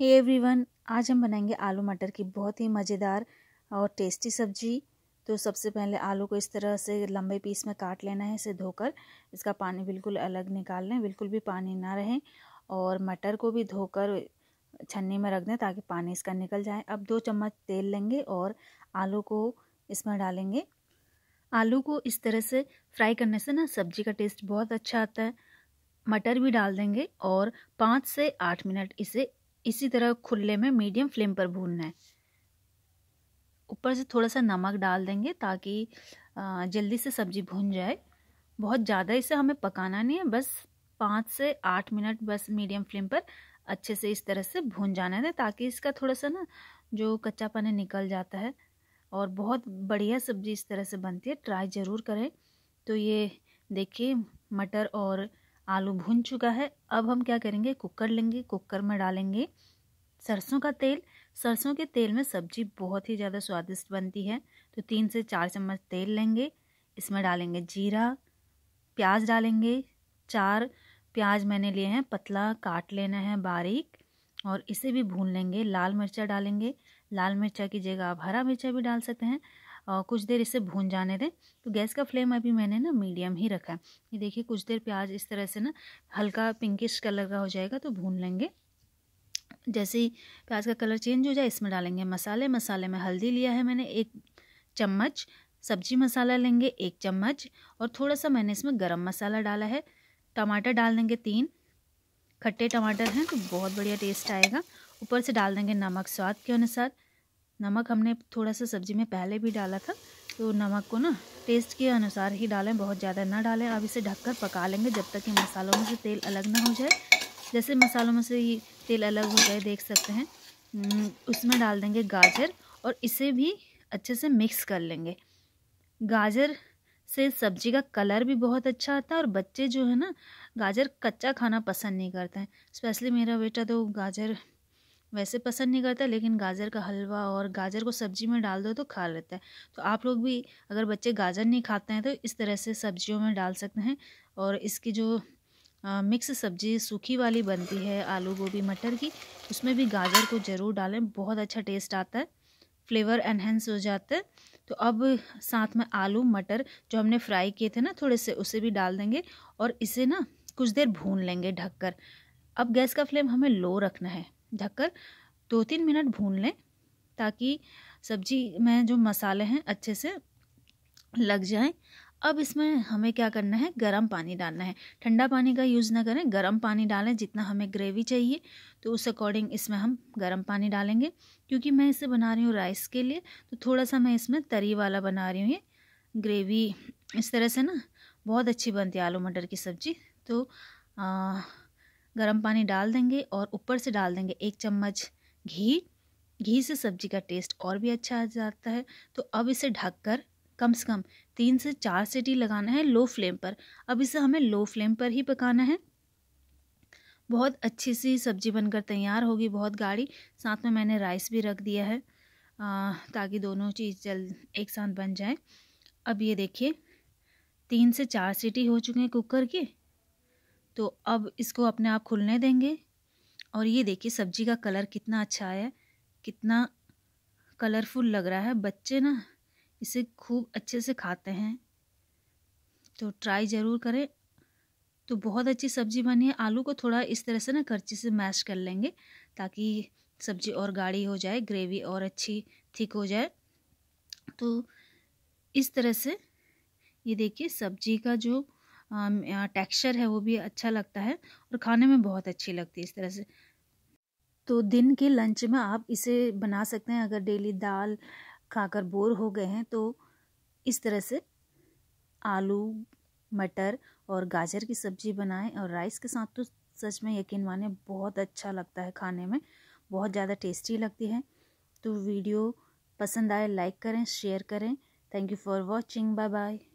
हे everyone आज हम बनाएंगे आलू मटर की बहुत ही मज़ेदार और टेस्टी सब्जी तो सबसे पहले आलू को इस तरह से लंबे पीस में काट लेना है इसे धोकर इसका पानी बिल्कुल अलग निकाल लें बिल्कुल भी पानी ना रहे और मटर को भी धोकर छन्नी में रख दें ताकि पानी इसका निकल जाए अब दो चम्मच तेल लेंगे और आलू को इसमें डालेंगे आलू को इस तरह से फ्राई करने से ना सब्जी का टेस्ट बहुत अच्छा आता है मटर भी डाल देंगे और पाँच से आठ मिनट इसे इसी तरह खुले में मीडियम फ्लेम पर भूनना है ऊपर से थोड़ा सा नमक डाल देंगे ताकि जल्दी से सब्ज़ी भून जाए बहुत ज़्यादा इसे हमें पकाना नहीं है बस पाँच से आठ मिनट बस मीडियम फ्लेम पर अच्छे से इस तरह से भून जाना है ताकि इसका थोड़ा सा ना जो कच्चा पानी निकल जाता है और बहुत बढ़िया सब्ज़ी इस तरह से बनती है ट्राई ज़रूर करें तो ये देखिए मटर और आलू भुन चुका है अब हम क्या करेंगे कुकर लेंगे कुकर में डालेंगे सरसों का तेल सरसों के तेल में सब्जी बहुत ही ज़्यादा स्वादिष्ट बनती है तो तीन से चार चम्मच तेल लेंगे इसमें डालेंगे जीरा प्याज डालेंगे चार प्याज मैंने लिए हैं पतला काट लेना है बारीक और इसे भी भून लेंगे लाल मिर्चा डालेंगे लाल मिर्चा की जगह आप हरा मिर्चा भी डाल सकते हैं और कुछ देर इसे भून जाने दें तो गैस का फ्लेम अभी मैंने ना मीडियम ही रखा है ये देखिए कुछ देर प्याज इस तरह से ना हल्का पिंकिश कलर का हो जाएगा तो भून लेंगे जैसे ही प्याज का कलर चेंज हो जाए इसमें डालेंगे मसाले मसाले में हल्दी लिया है मैंने एक चम्मच सब्जी मसाला लेंगे एक चम्मच और थोड़ा सा मैंने इसमें गरम मसाला डाला है टमाटर डाल देंगे तीन खट्टे टमाटर हैं तो बहुत बढ़िया टेस्ट आएगा ऊपर से डाल देंगे नमक स्वाद के अनुसार नमक हमने थोड़ा सा सब्ज़ी में पहले भी डाला था तो नमक को ना टेस्ट के अनुसार ही डालें बहुत ज़्यादा ना डालें अब इसे ढककर पका लेंगे जब तक कि मसालों में से तेल अलग ना हो जाए जैसे मसालों में से ही तेल अलग हो जाए देख सकते हैं हम्म, उसमें डाल देंगे गाजर और इसे भी अच्छे से मिक्स कर लेंगे गाजर से सब्जी का कलर भी बहुत अच्छा आता है और बच्चे जो है ना गाजर कच्चा खाना पसंद नहीं करते हैं स्पेशली मेरा बेटा तो गाजर वैसे पसंद नहीं करता लेकिन गाजर का हलवा और गाजर को सब्जी में डाल दो तो खा लेता है तो आप लोग भी अगर बच्चे गाजर नहीं खाते हैं तो इस तरह से सब्जियों में डाल सकते हैं और इसकी जो आ, मिक्स सब्जी सूखी वाली बनती है आलू गोभी मटर की उसमें भी गाजर को ज़रूर डालें बहुत अच्छा टेस्ट आता है फ्लेवर एनहेंस हो जाता है तो अब साथ में आलू मटर जो हमने फ्राई किए थे ना थोड़े से उसे भी डाल देंगे और इसे ना कुछ देर भून लेंगे ढककर अब गैस का फ्लेम हमें लो रखना है ढककर दो तीन मिनट भून लें ताकि सब्जी में जो मसाले हैं अच्छे से लग जाएं अब इसमें हमें क्या करना है गर्म पानी डालना है ठंडा पानी का यूज़ ना करें गर्म पानी डालें जितना हमें ग्रेवी चाहिए तो उस अकॉर्डिंग इसमें हम गर्म पानी डालेंगे क्योंकि मैं इसे बना रही हूँ राइस के लिए तो थोड़ा सा मैं इसमें तरी वाला बना रही हूँ ये ग्रेवी इस तरह से ना बहुत अच्छी बनती है आलू मटर की सब्ज़ी तो आ, गर्म पानी डाल देंगे और ऊपर से डाल देंगे एक चम्मच घी घी से सब्जी का टेस्ट और भी अच्छा आ जाता है तो अब इसे ढककर कम से कम तीन से चार सीटी लगाना है लो फ्लेम पर अब इसे हमें लो फ्लेम पर ही पकाना है बहुत अच्छी सी सब्जी बनकर तैयार होगी बहुत गाढ़ी साथ में मैंने राइस भी रख दिया है आ, ताकि दोनों चीज़ जल्द एक साथ बन जाए अब ये देखिए तीन से चार सीटी हो चुके हैं कुकर की तो अब इसको अपने आप खुलने देंगे और ये देखिए सब्जी का कलर कितना अच्छा आया कितना कलरफुल लग रहा है बच्चे ना इसे खूब अच्छे से खाते हैं तो ट्राई ज़रूर करें तो बहुत अच्छी सब्ज़ी बनी है आलू को थोड़ा इस तरह से ना करची से मैश कर लेंगे ताकि सब्ज़ी और गाढ़ी हो जाए ग्रेवी और अच्छी थिक हो जाए तो इस तरह से ये देखिए सब्जी का जो टेक्सचर है वो भी अच्छा लगता है और खाने में बहुत अच्छी लगती है इस तरह से तो दिन के लंच में आप इसे बना सकते हैं अगर डेली दाल खाकर बोर हो गए हैं तो इस तरह से आलू मटर और गाजर की सब्ज़ी बनाएं और राइस के साथ तो सच में यकीन माने बहुत अच्छा लगता है खाने में बहुत ज़्यादा टेस्टी लगती है तो वीडियो पसंद आए लाइक करें शेयर करें thank you for watching bye bye